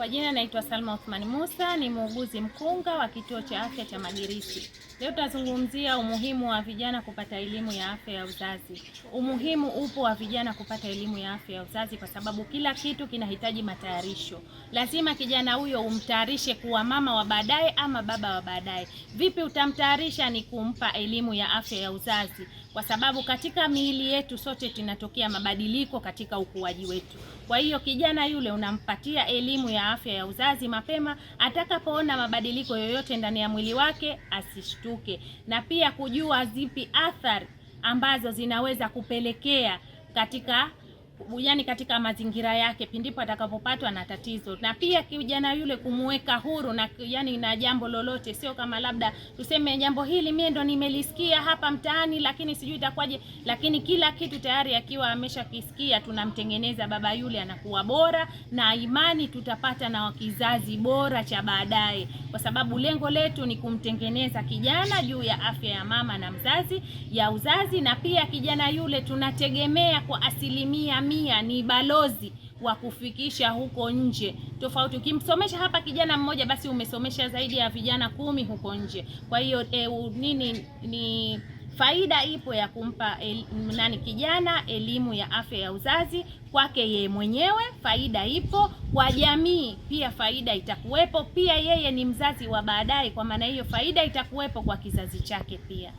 Kwa jina naitwa Salma uthmani Musa, ni muuguzi mkunga wa kituo cha afya cha Magirisi. Leo tutazungumzia umuhimu wa vijana kupata elimu ya afya ya uzazi. Umuhimu upo wa vijana kupata elimu ya afya ya uzazi kwa sababu kila kitu kinahitaji matayarisho. Lazima kijana huyo umtayarishe kuwa mama wa baadaye ama baba wa baadaye. Vipi utamtayarisha? Ni kumpa elimu ya afya ya uzazi, kwa sababu katika miili yetu sote tunatokea mabadiliko katika ukuaji wetu. Kwa hiyo kijana yule unampatia elimu ya afya ya uzazi mapema, atakapoona mabadiliko yoyote ndani ya mwili wake asishtuke, na pia kujua zipi athari ambazo zinaweza kupelekea katika yani katika mazingira yake pindipo atakapopatwa na tatizo, na pia kijana yule kumweka huru na yani na jambo lolote, sio kama labda tuseme jambo hili mie ndo nimelisikia hapa mtaani, lakini sijui itakuwaje, lakini kila kitu tayari akiwa ameshakisikia, tunamtengeneza baba yule anakuwa bora, na imani tutapata na kizazi bora cha baadaye, kwa sababu lengo letu ni kumtengeneza kijana juu ya afya ya mama na mzazi ya uzazi, na pia kijana yule tunategemea kwa asilimia msimamia ni balozi wa kufikisha huko nje. Tofauti ukimsomesha hapa kijana mmoja, basi umesomesha zaidi ya vijana kumi huko nje. Kwa hiyo e, nini ni faida ipo ya kumpa el, nani kijana elimu ya afya ya uzazi kwake yeye mwenyewe, faida ipo kwa jamii pia, faida itakuwepo pia, yeye ni mzazi wa baadaye, kwa maana hiyo faida itakuwepo kwa kizazi chake pia.